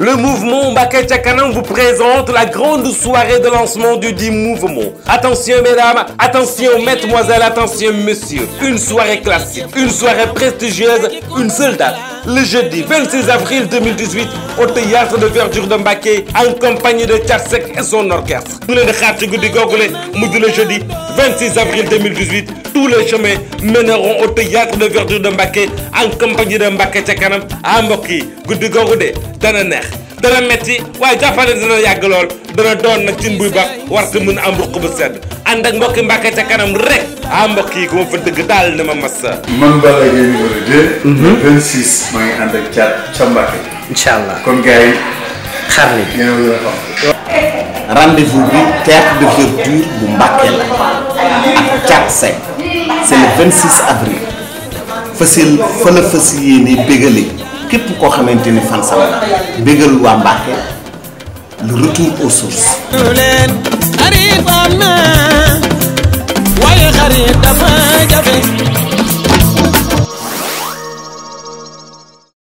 Le mouvement Mbacké Ca Kanam vous la grande soirée de lancement du dit mouvement. Attention mesdames, attention mesdemoiselles, attention messieurs. Une soirée classique, une soirée prestigieuse, une seule date. Le Ñu le jeudi 26 avril 2018. tous les chemins mèneront au théâtre de verdure de Mbacké en compagnie de Mbacké ca kanam ah mbokk yi guddi googu de dana neex dana metti waaye jàppale dana yàgg lool dana doon nag ci mbuy bax war ko mën am ruq bu sedd ànd ak mbokki Mbacké ca kanam rek ah mbokk yi ku ma daal na ma massa man Balla Gaye numéro 2 26 maa ngi ànd ak Thiat ca Mbacké incha allah kon gars xar li rendez bi théâtre de verdure bu Mbacké la ak Thiat Seck c'est le 26 avril fasil fa la fas yéene bégale képp koo xamante ni fan sama la bégal waa Mbàkke le retour aux sources.